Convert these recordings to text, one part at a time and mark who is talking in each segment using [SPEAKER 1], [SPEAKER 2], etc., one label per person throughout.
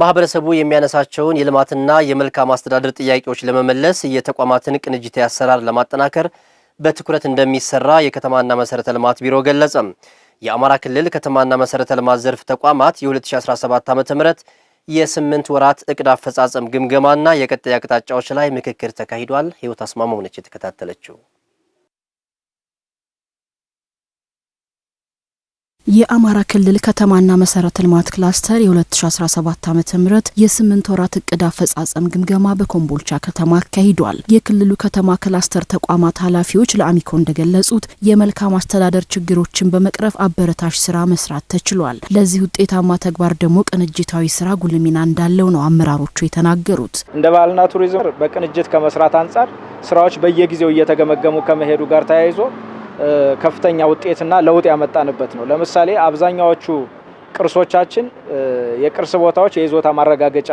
[SPEAKER 1] ማህበረሰቡ የሚያነሳቸውን የልማትና የመልካም አስተዳደር ጥያቄዎች ለመመለስ የተቋማትን ቅንጅታዊ አሰራር ለማጠናከር በትኩረት እንደሚሰራ የከተማና መሰረተ ልማት ቢሮ ገለጸ። የአማራ ክልል ከተማና መሰረተ ልማት ዘርፍ ተቋማት የ2017 ም የስምንት ወራት እቅድ አፈጻጸም ግምገማና የቀጣይ አቅጣጫዎች ላይ ምክክር ተካሂዷል። ህይወት አስማማው ነች የተከታተለችው።
[SPEAKER 2] የአማራ ክልል ከተማና መሰረተ ልማት ክላስተር የ2017 ዓ ም የስምንት ወራት እቅድ አፈጻጸም ግምገማ በኮምቦልቻ ከተማ አካሂዷል። የክልሉ ከተማ ክላስተር ተቋማት ኃላፊዎች ለአሚኮ እንደገለጹት የመልካም አስተዳደር ችግሮችን በመቅረፍ አበረታሽ ስራ መስራት ተችሏል። ለዚህ ውጤታማ ተግባር ደግሞ ቅንጅታዊ ስራ ጉልህ ሚና እንዳለው ነው አመራሮቹ የተናገሩት።
[SPEAKER 3] እንደ ባህልና ቱሪዝም በቅንጅት ከመስራት አንጻር ስራዎች በየጊዜው እየተገመገሙ ከመሄዱ ጋር ተያይዞ ከፍተኛ ውጤትና ለውጥ ያመጣንበት ነው። ለምሳሌ አብዛኛዎቹ ቅርሶቻችን የቅርስ ቦታዎች የይዞታ ማረጋገጫ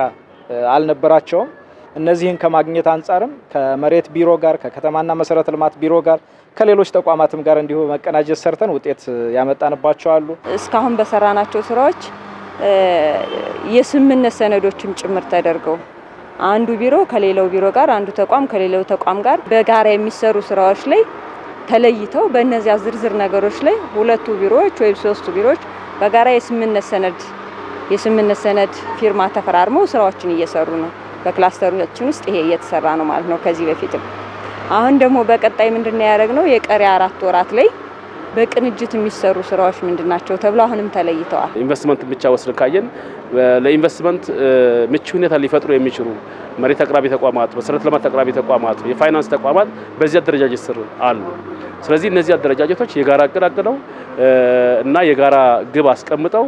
[SPEAKER 3] አልነበራቸውም። እነዚህን ከማግኘት አንጻርም ከመሬት ቢሮ ጋር ከከተማና መሰረተ ልማት ቢሮ ጋር ከሌሎች ተቋማትም ጋር እንዲሁ መቀናጀት ሰርተን ውጤት ያመጣንባቸው አሉ።
[SPEAKER 4] እስካሁን በሰራናቸው ስራዎች የስምምነት ሰነዶችም ጭምር ተደርገው አንዱ ቢሮ ከሌላው ቢሮ ጋር፣ አንዱ ተቋም ከሌላው ተቋም ጋር በጋራ የሚሰሩ ስራዎች ላይ ተለይተው በእነዚያ ዝርዝር ነገሮች ላይ ሁለቱ ቢሮዎች ወይም ሶስቱ ቢሮዎች በጋራ የስምምነት ሰነድ የስምምነት ሰነድ ፊርማ ተፈራርመው ስራዎችን እየሰሩ ነው። በክላስተሮችን ውስጥ ይሄ እየተሰራ ነው ማለት ነው። ከዚህ በፊትም አሁን ደግሞ በቀጣይ ምንድን ነው ያደረግነው የቀሪ አራት ወራት ላይ በቅንጅት የሚሰሩ ስራዎች ምንድን ናቸው ተብሎ አሁንም ተለይተዋል።
[SPEAKER 5] ኢንቨስትመንት ብቻ ወስደን ካየን ለኢንቨስትመንት ምቹ ሁኔታ ሊፈጥሩ የሚችሉ መሬት አቅራቢ ተቋማት፣ መሰረተ ልማት አቅራቢ ተቋማት፣ የፋይናንስ ተቋማት በዚህ አደረጃጀት ስር አሉ። ስለዚህ እነዚህ አደረጃጀቶች የጋራ እቅድ አቅደው እና የጋራ ግብ አስቀምጠው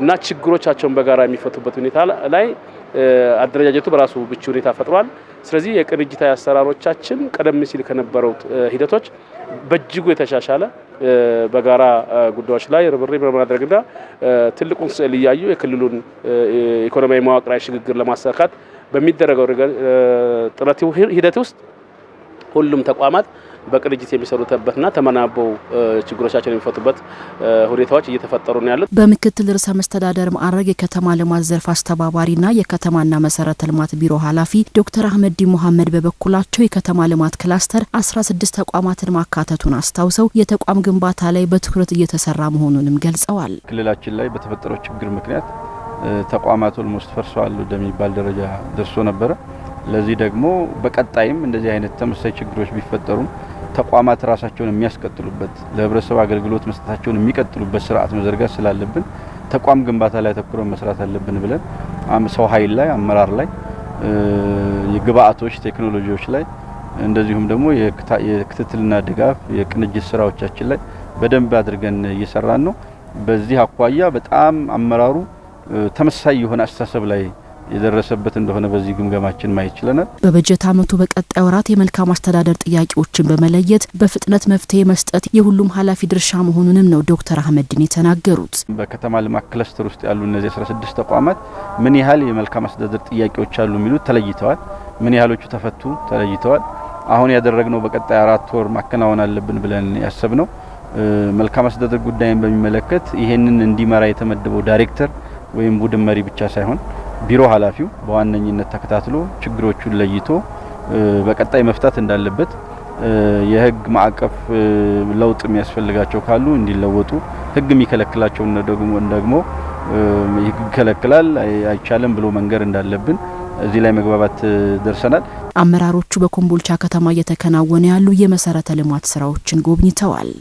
[SPEAKER 5] እና ችግሮቻቸውን በጋራ የሚፈቱበት ሁኔታ ላይ አደረጃጀቱ በራሱ ምቹ ሁኔታ ፈጥሯል። ስለዚህ የቅንጅታዊ አሰራሮቻችን ቀደም ሲል ከነበረው ሂደቶች በእጅጉ የተሻሻለ በጋራ ጉዳዮች ላይ ርብርብ በማድረግና ትልቁን ስዕል እያዩ የክልሉን ኢኮኖሚያዊ መዋቅራዊ ሽግግር ለማሳካት በሚደረገው ጥረት ሂደት ውስጥ ሁሉም ተቋማት በቅንጅት የሚሰሩበትና ተመናበው ችግሮቻቸውን የሚፈቱበት ሁኔታዎች እየተፈጠሩ ነው ያሉት
[SPEAKER 2] በምክትል ርዕሰ መስተዳደር ማዕረግ የከተማ ልማት ዘርፍ አስተባባሪና የከተማና መሰረተ ልማት ቢሮ ኃላፊ ዶክተር አህመዲ ሙሐመድ በበኩላቸው የከተማ ልማት ክላስተር ስድስት ተቋማትን ማካተቱን አስታውሰው የተቋም ግንባታ ላይ በትኩረት እየተሰራ መሆኑንም ገልጸዋል።
[SPEAKER 6] ክልላችን ላይ በተፈጠረው ችግር ምክንያት ተቋማት ኦልሞስት ፈርሰዋል ወደሚባል ደረጃ ደርሶ ነበረ። ለዚህ ደግሞ በቀጣይም እንደዚህ አይነት ተመሳሳይ ችግሮች ቢፈጠሩም ተቋማት ራሳቸውን የሚያስቀጥሉበት ለህብረተሰብ አገልግሎት መስጠታቸውን የሚቀጥሉበት ስርዓት መዘርጋት ስላለብን ተቋም ግንባታ ላይ አተኩረን መስራት አለብን ብለን ሰው ኃይል ላይ፣ አመራር ላይ፣ የግብአቶች ቴክኖሎጂዎች ላይ እንደዚሁም ደግሞ የክትትልና ድጋፍ የቅንጅት ስራዎቻችን ላይ በደንብ አድርገን እየሰራን ነው። በዚህ አኳያ በጣም አመራሩ ተመሳሳይ የሆነ አስተሳሰብ ላይ የደረሰበት እንደሆነ በዚህ ግምገማችን ማየት ችለናል።
[SPEAKER 2] በበጀት ዓመቱ በቀጣይ ወራት የመልካም አስተዳደር ጥያቄዎችን በመለየት በፍጥነት መፍትሄ መስጠት የሁሉም ኃላፊ ድርሻ መሆኑንም ነው ዶክተር አህመድን የተናገሩት።
[SPEAKER 7] በከተማ ልማት ክለስተር ውስጥ ያሉ እነዚህ 16 ተቋማት ምን ያህል የመልካም አስተዳደር ጥያቄዎች አሉ የሚሉት ተለይተዋል። ምን ያህሎቹ ተፈቱ ተለይተዋል። አሁን ያደረግነው በቀጣይ አራት ወር ማከናወን አለብን ብለን ያሰብነው መልካም አስተዳደር ጉዳይን በሚመለከት ይሄንን እንዲመራ የተመደበው ዳይሬክተር ወይም ቡድን መሪ ብቻ ሳይሆን ቢሮ ኃላፊው በዋነኝነት ተከታትሎ ችግሮቹን ለይቶ በቀጣይ መፍታት እንዳለበት የህግ ማዕቀፍ ለውጥ የሚያስፈልጋቸው ካሉ እንዲለወጡ ህግ የሚከለክላቸው ደግሞ ህግ ይከለክላል አይቻልም ብሎ መንገር እንዳለብን እዚህ ላይ መግባባት ደርሰናል።
[SPEAKER 2] አመራሮቹ በኮምቦልቻ ከተማ እየተከናወነ ያሉ የመሰረተ ልማት ስራዎችን ጎብኝተዋል።